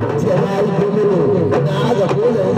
Você é lá e nada, coisa, é.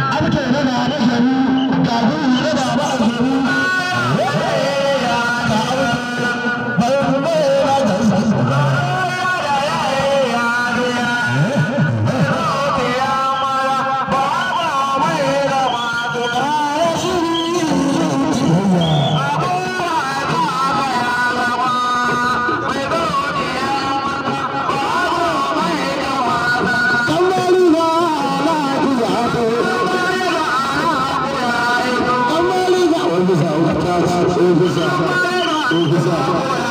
Officer. Officer.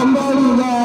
kembali dan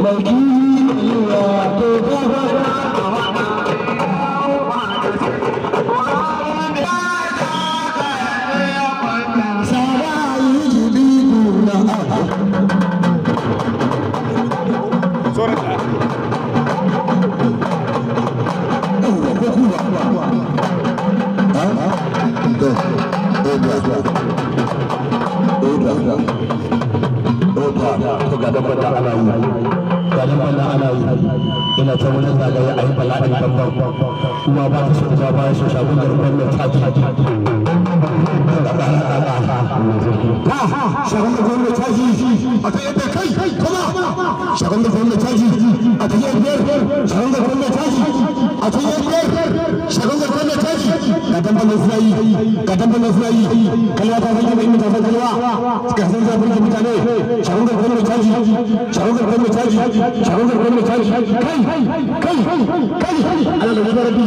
Maldives, you are the wa ganin bana ana yi yana ta wani zagaye a yi bala'in kuma ba ta gwamnati a ta yadda kai kuma shagun gwamnati taki a ta yadda shagun da gwamnati caji, a ta yadda shagun gwamnati mai mutane gwamnati gwamnati shagon zai kuma misali kai kai kai ala da gobe rabi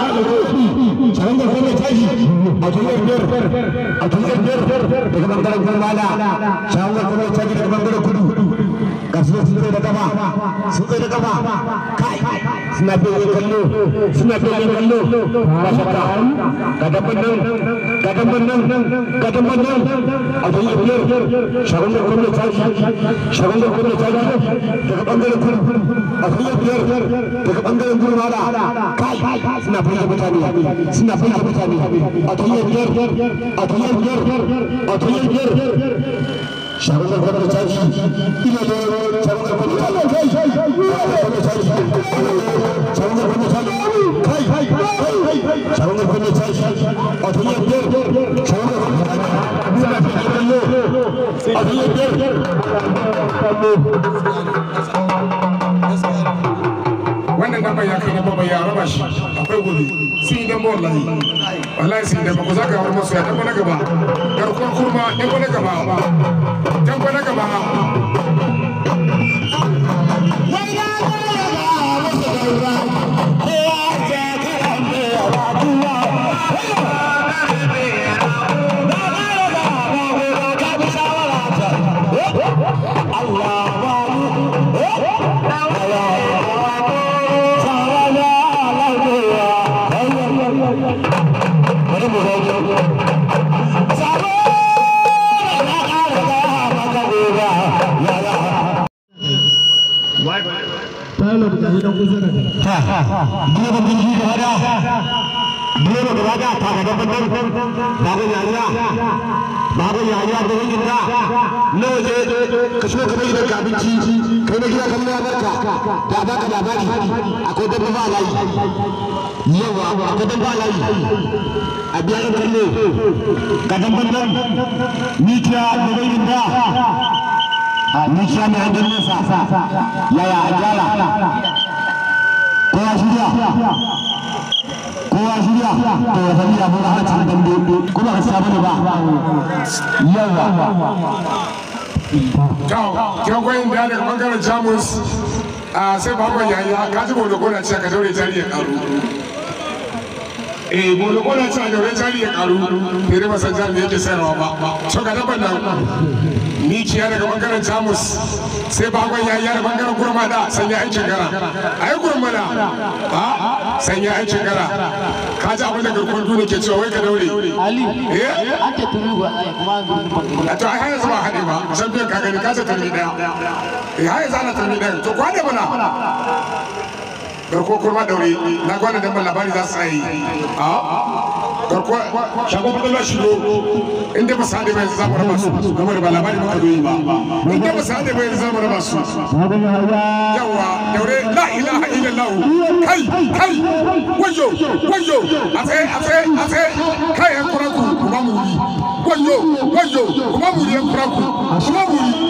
ala da gobe shagon zai kuma misali a tunan biyar a tunan biyar daga bangaren gurmana shagon zai kuma misali daga bangaren kudu ga su sun da gaba sun da gaba kai Sinabi ko kanu, sinabi ko kanu, masaka, katapanang, katapanang, katapanang, adong iblir, shagun ko kanu chay, shagun ko kanu chay, takapangal ko, adong iblir, takapangal ko wala, kai, sinabi ko kanu, sinabi ko kanu, adong iblir, adong iblir, adong iblir, shagun ko kanu chay, ilo, সংরক্ষণের চাই অধিনায়কদের wannan gaba ya kai gaba ya raba shi akwai gobe sun yi dan wallahi wallahi sun da ku zaka war masu ya dan na gaba garkuwar kurma dan na gaba dan na gaba abinci kai na gida kallo ya barka da baka labari akwai dabba ba layi yawa akwai dabba layi a biya ɗan kallo ka dabban nan mikiya da bai da a mikiya mai hangen nesa yaya a kowa shirya kowa shirya to ya fadi abin hana cikin dambe kuma ka saba da ba yawa kyakwayin da daga bangaren jamus a sai bakon yayi ka ji bauda gona ce ka daure tarihin eh bolo kola ta ga wani jari ya karu bai riba sanjan da yake sayarwa ba to ga daban nan ni ciya daga e bangaren jamus sai bakon ya yi da bangaren kurma da sanya aikin gara ai kurma da ha sanya aikin e gara ka ji abin da garkon duniya ke cewa wai ka daure eh a to ai har yanzu e ba eh, hade ba champion ka gani ka ta turu daya eh har yanzu ana turu daya to kwane mana garko kurma daure na gwana dan ban labari za su tsaye a ah, ah. garko shagon kudin lashi do inda ba su haɗe za mu raba su game labari muka zo ba inda ba su haɗe za mu raba su yawa daure la ilaha illallah kai kai wayo wayo a tsaye a a kai yan kuraku kuma muri wayo wayo kuma kuraku kuma muri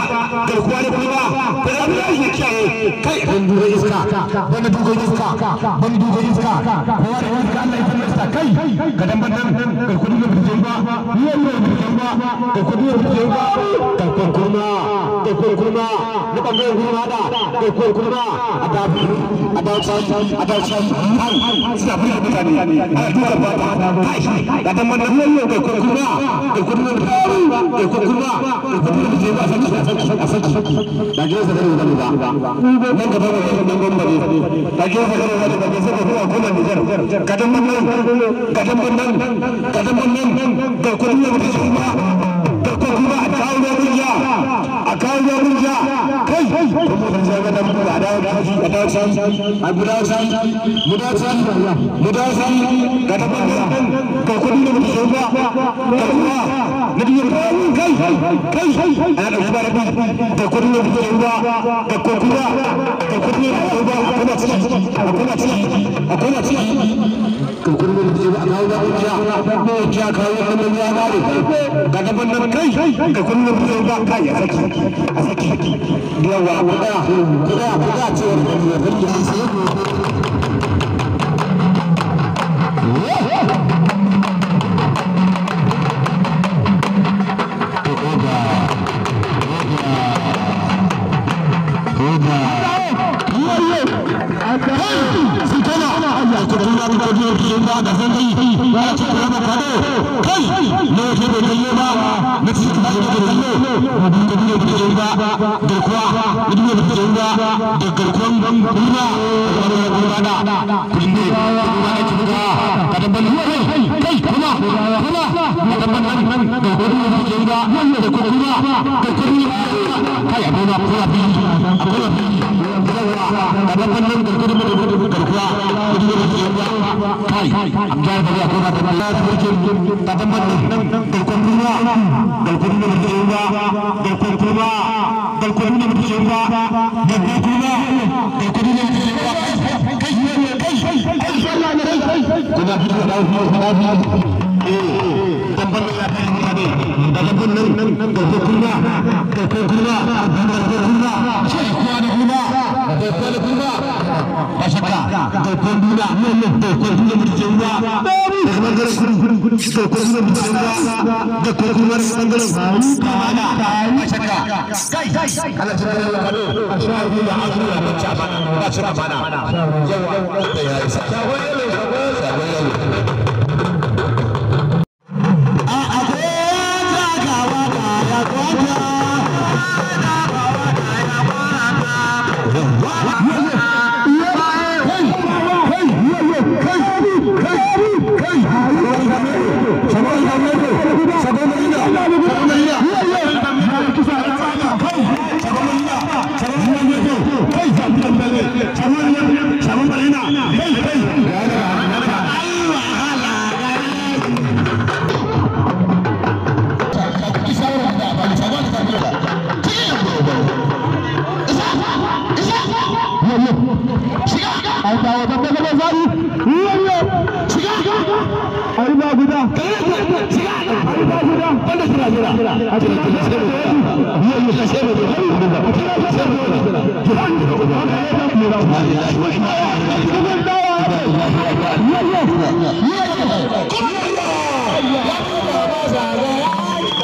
garkuwa da kuma da zaɓi ya yi kiyaye kai ban duba iska ban duba iska ban duba iska kowa da wani ka Allah ya kuma iska kai ga dan ban nan garkuwa da birjin ba ni ne birjin ba garkuwa da birjin ba garkuwa kuma kokon kurma na bangaren kurma da kokon kurma a dafi a dausan a dausan an suna fi mutane ana duka ba ta kai ga dan man nan kokon kurma kokon kurma kokon kurma kokon kurma je ba san san san da gina sa da da nan gaba da nan gaba da gina sa da da da sai ka kuma kuma ni jar ga dan man nan ga dan man nan ga dan man nan kokon kurma kuma a kawo domin ja ja kai kuma mun sai ga damu a dawo da shi a dawo san a guda san guda san guda san ga ta ban ka kudi da mutum ba ka kuma na biyu kai kai ana da kuma da da kudi da mutum ba da to kun ga mutum ya kai ba Kai, kai, kai, kai, kai, kai, kai, kamar kullum garkudu da gudu garkuwa kudu da gudu kai kai kai kai ba shakka dokon duna dokon duna mutum ruwa daga bangaren kudu dokon da mutum ruwa da kokumar bangaren kamana ba shakka kai ala cikin lalado a sha'adu da azu da bacci bana ba shi a yawa da ya isa shagon wanda suna jira a cikin kashe mu biyo mu kashe kuma da kuma